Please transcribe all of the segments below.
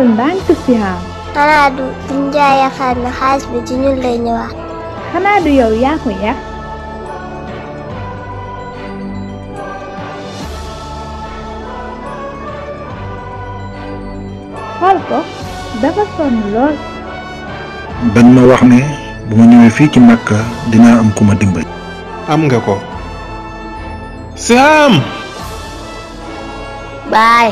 xool ko dafa sonn lool dañ ma wax ne bu ma ñëwee fii ci Makka dinaa am ku ma dimbali am nga ko Siham baay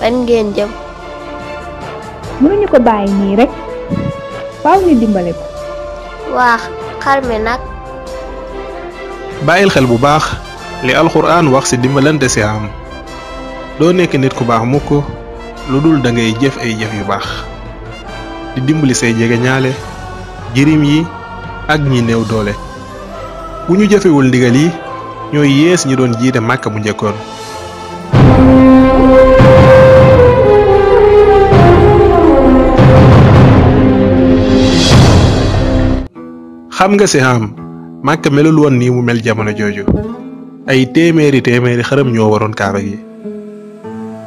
fan ngeen jëm mënuñu ko bàyyi nii rek faaw ñu dimbale ko. waa xar mi nag. bàyyil xel bu baax li alxuraan wax ci dimbalante ci am doo nekk nit ku baax mukk lu dul dangay jëf ay jëf yu baax di dimbali say jegeñaale jirim yi ak ñi néew doole bu ñu jëfewul ndigal yi ñoo yées ñi doon jiite màkka bu njëkkoon. xam nga si am màkk melul woon nii mu mel jamono jooju ay téeméeri téeméeri xërëm ñoo waroon kaaba gi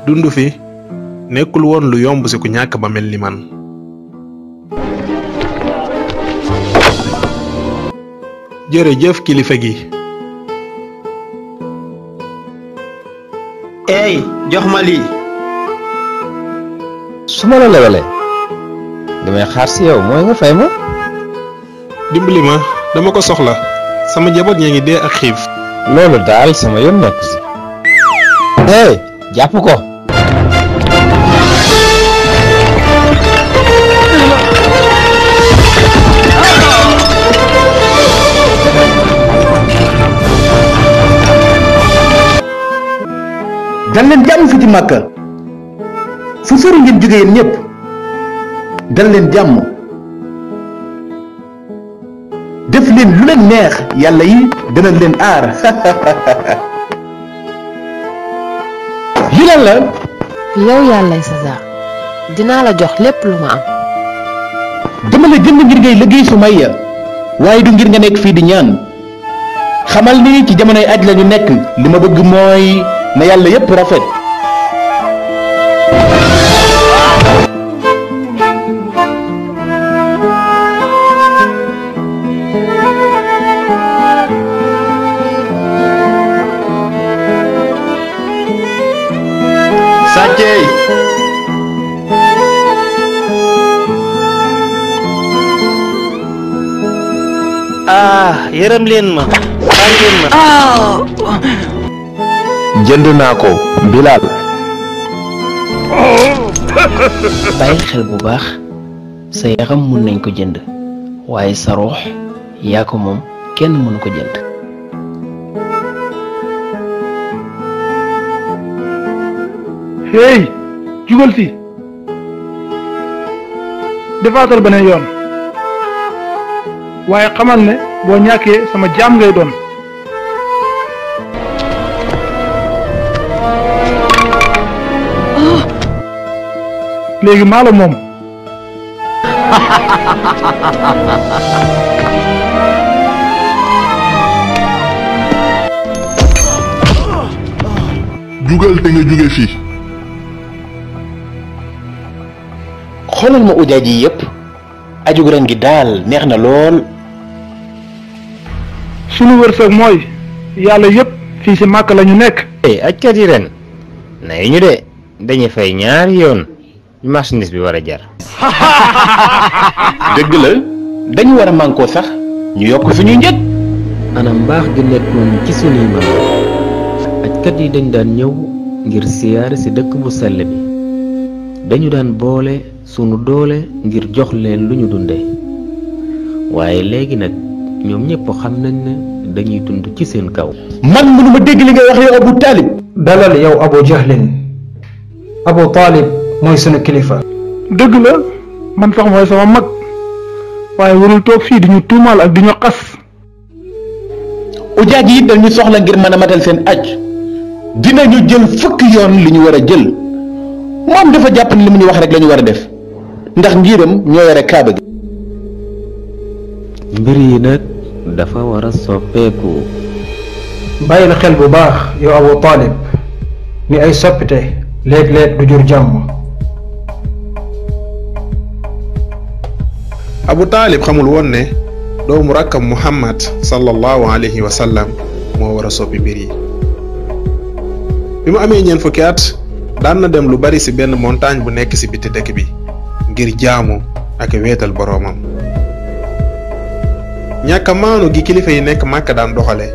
dund fi nekkul woon lu yomb si ku ñàkk ba mel ni man. jërëjëf kilifa gi. eey jox ma lii. su ma la lebalee damay xaar si yow mooy nga fay ma. dimbali ma dama ko soxla sama jaboot ñaa ngi dee ak xiif. loolu daal sama yoon nekk si. hey jàpp ko. dal leen jàmm fiti màkka fu sori ngeen jóge yéen ñëpp dal jàmm. def leen lu leen yàlla yi danañ leen aar la dinaa la jox lépp lu ma am dama la ngir ngay liggéey Sumayya waaye du ngir nga nekk fii di ñaan xamal ni ci jamonoy aj la nekk li ma bëgg mooy na yàlla yépp rafet yërëm leen ma jënd naa ko Bilal. bàyyi xel bu baax sa yaram mun nañ ko jënd waaye sa ruux yaa ko moom kenn mënu ko jënd. hey jugal si defaatal beneen yoon waaye xamal ne. boo ñàkkee sama jaam ngay doon oh. léegi maa la moom jugal te nga jóge fii xoolal ma ujaaj yi yépp ajug ren gi daal neex na lool sunu wërsëg mooy yàlla yëpp fii si màkk la ñu nekk. eh ajkat yi ren na yi ñu de dañuy fay ñaari yoon marchandise bi war a jar. dëgg la dañu war a mànkoo sax ñu yokk suñuy njëg. anam mbaax gi nekkoon ci sunuy maam ajkat yi dañ daan ñëw ngir siyaare si dëkk bu sell bi dañu daan boole sunu doole ngir jox leen lu ñu dunde waaye léegi nag. ñoom ñëpp xam nañ ne dañuy tund ci seen kaw. man mënu ma dégg li ngay wax yow Abu Talib. dalal yow Abu Jahlin Abu Talib mooy sunu kilifa. dëgg la man sax mooy sama mag waaye warul toog fii di ñu tuumaal ak di ñu xas. ujaaj yi dañu soxla ngir mën a matal seen aj dinañu jël fukk yoon li ñu war a jël moom dafa jàpp ne li mu ñu wax rek lañu war a def ndax njiiram ñoo yore kaaba gi. mbir yi nag dafa war a soppeeku bàyyil xel bu baax yow Abu Taalib ni ay soppite léeg-léeg du jur jàmm Abu Taalib xamul woon ne doomu rakkam Muhammad sallallahu alayhi wa sallam moo war a soppi mbir yi bi mu amee ñeent fukki at daan na dem lu bari ci benn montagne bu nekk ci biti dëkk bi ngir jaamu ak weetal boroomam ñàkk a gi kilifa yi nekk màkk daan doxale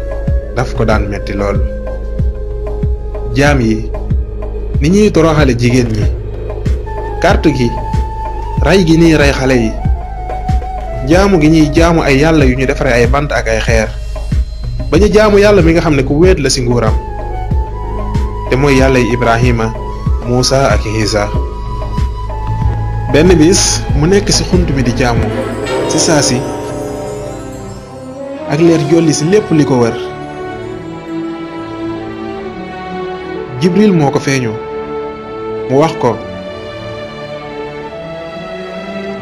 daf ko daan metti lool jaam yi ni ñuy toroxale jigéen ñi kàrt gi rey gi nii rey xale yi jaamu gi ñuy jaamu ay yàlla yu ñu defaree ay bant ak ay xeer ba ñu jaamu yàlla mi nga xam ne ku wéet la ci nguuram te mooy yàlla yi Ibrahima Muusa ak Isa benn bis mu nekk ci xunt mi di jaamu ci saa si ak leer jolli si lépp li ko wër jibril moo ko feeñu mu wax ko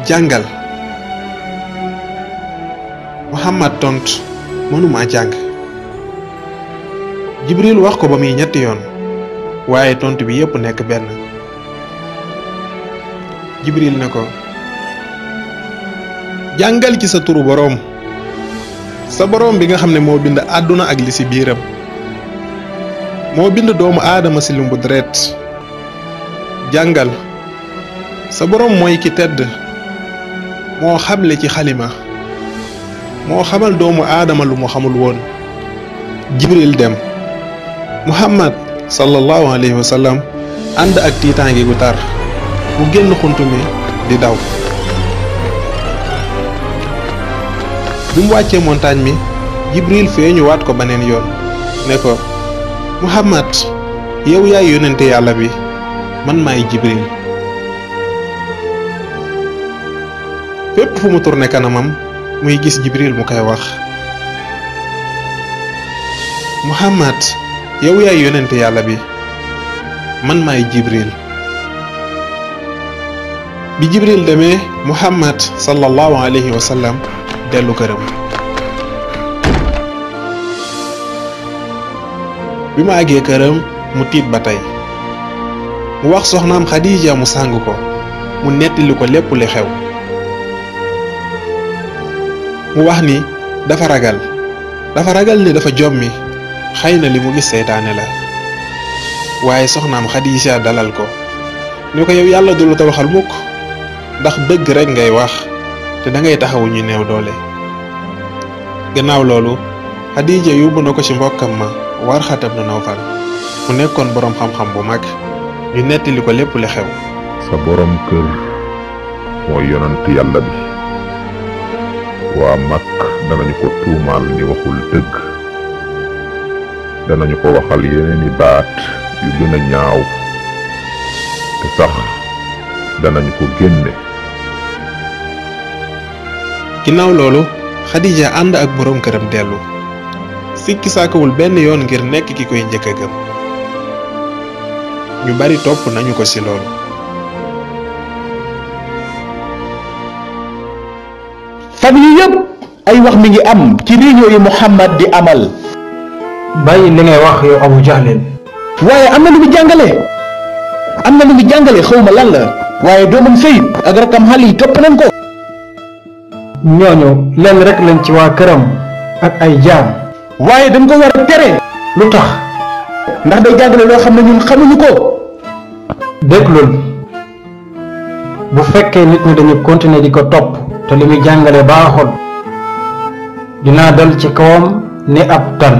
jàngal muhammad tont mënuma jàng jibril wax ko ba muy ñetti yoon waaye tont bi yépp nekk benn jibril ne ko jàngal ci sa turu boroom sa boroom bi nga xam ne moo bind àdduna ak li ci biiram moo bind doomu aadama si lumbu deret jàngal sa boroom mooy ki tedd moo xamle ci xalima moo xamal doomu aadama lu mu xamul woon jibril dem muhammad sallallahu alayhi wa sallam ànd ak tiitaange gu tar mu génn xunt mi di daw bi mu wàccee montagne mi Jibril feeñu waat ko beneen yoon ne ko Muhammad yow yaay yónnente yàlla bi man maay Jibril fépp fu mu tourné kanamam muy gis Jibril mu koy wax Muhammad yow yaay yónnente yàlla bi man maay Jibril bi Jibril demee Muhammad sallallahu alayhi wa sallam dellu këram bi ma àggee këram mu tiit ba tey mu wax soxnaam Xadiija mu sàng ko mu nettali ko lépp li xew mu wax ni dafa ragal dafa ragal ni dafa jommi xëy na li mu gis seytaane la waaye soxnaam Xadiija dalal ko ni ko yow yàlla du la toroxal mukk ndax dëgg rekk ngay wax te dangay ngay taxawu ñu néew doole gannaaw loolu Xadiija yóbbu na ko ci mbokkam ma Warxat ibn Nawfal mu nekkoon boroom xam-xam bu mag ñu nettali ko lépp li xew sa boroom kër mooy yonent yàlla bi waa mag danañu ko tuumaal ni waxul dëgg danañu ko waxal yeneeni baat yu gën ñaaw te sax danañu ko génne ginnaaw loolu Khadija ànd ak boroom këram dellu sikki sàkkawul benn yoon ngir nekk ki koy njëkk a gëm ñu bari topp nañu ko ci loolu fan yi yëpp ay wax mi ngi am ci réunion yi Muhammad di amal bàyyi li ngay wax yow Abu Jahlin waaye am na lu mu jàngale am na lu mu jàngale xawma lan la waaye doomam Sayid ak rakam xal yi topp nañ ko ñooñu lenn rek lañ ci waa këram ak ay jaan waaye dañ ko war a tere lu tax ndax day jàngale loo xam ne ñun xamuñu ko déglul bu fekkee nit ñi dañu continuer di ko topp te li muy jàngale baaxul dinaa dal ci kawam ni ab tan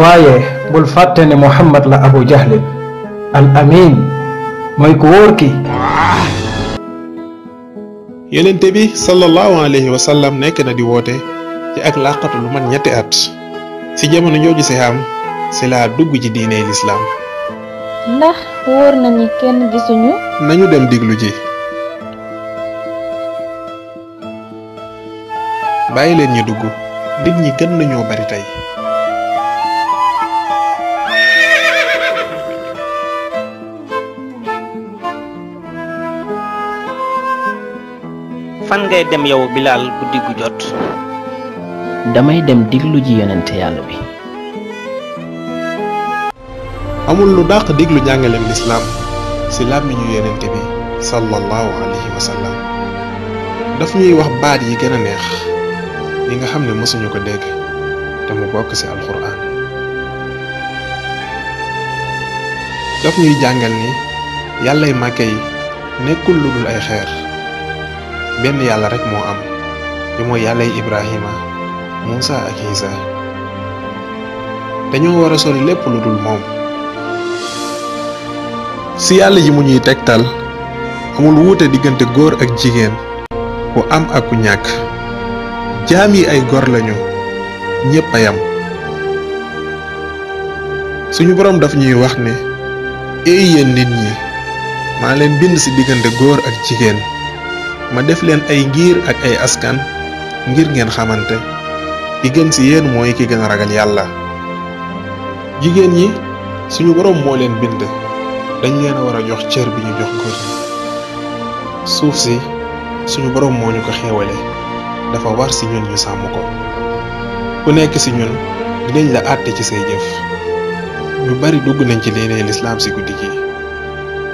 waaye bul fàtte ne Muhammad la Abu Jahlin al amin mooy ku wóor ki yonent bi sallallahu alayhi wa sallam nekk na di woote ci ak làqatu lu man ñetti at ci jamono jooju si am si laa dugg ci diiney lislaam ndax wóor na ni kenn gisuñu. nañu dem diglu ji. bàyyi leen ñu dugg nit ñi gën nañoo bari tey. fan ngay dem yow bilaal jot damay dem diglu ji yonente yàlla bi amul lu dàq diglu jàngaleem lislaam si làmmiñu yonente bi sallallahu alayhi wa sallam ñuy wax baat yi gën a neex yi nga xam ne mësuñu ko dégg te mu bokk ci alxuraan daf ñuy jàngal yi yàllay màkke yi nekkul lu dul ay xeer benn yàlla rek moo am moo yàlla yàllay Ibrahima Moussa ak Isa dañoo war a sori lépp lu dul moom si yàlla ji mu ñuy tegtal amul wuute diggante góor ak jigéen ku am ak ku ñàkk jaam yi ay gor lañu ñépp a yam suñu boroom daf ñuy wax ne éey yéen nit ñi maa leen bind ci diggante góor ak jigéen ma def leen ay ngiir ak ay askan ngir ngeen xamante ki gën ci yéen mooy ki gën a ragal yàlla jigéen ñi suñu borom moo leen bind dañ leen a war a jox cër bi ñu jox góor ñi suuf si suñu borom moo ñu ko xéewale dafa war ci ñun ñu sàmm ko ku nekk ci ñun dinañ la àtte ci say jëf ñu bari dugg nañ ci leenee lislaam si guddi gi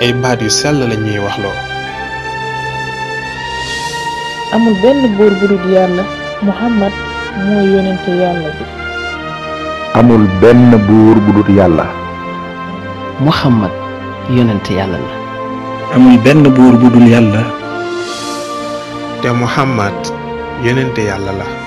ay baat yu sell lañ ñuy waxloo amul benn buur bu dul yàlla muhammad mooy yàlla amul benn buur bu dul yàlla muhammad yonente yàlla la amul benn buur bu dul yàlla te muhammad yonente yàlla la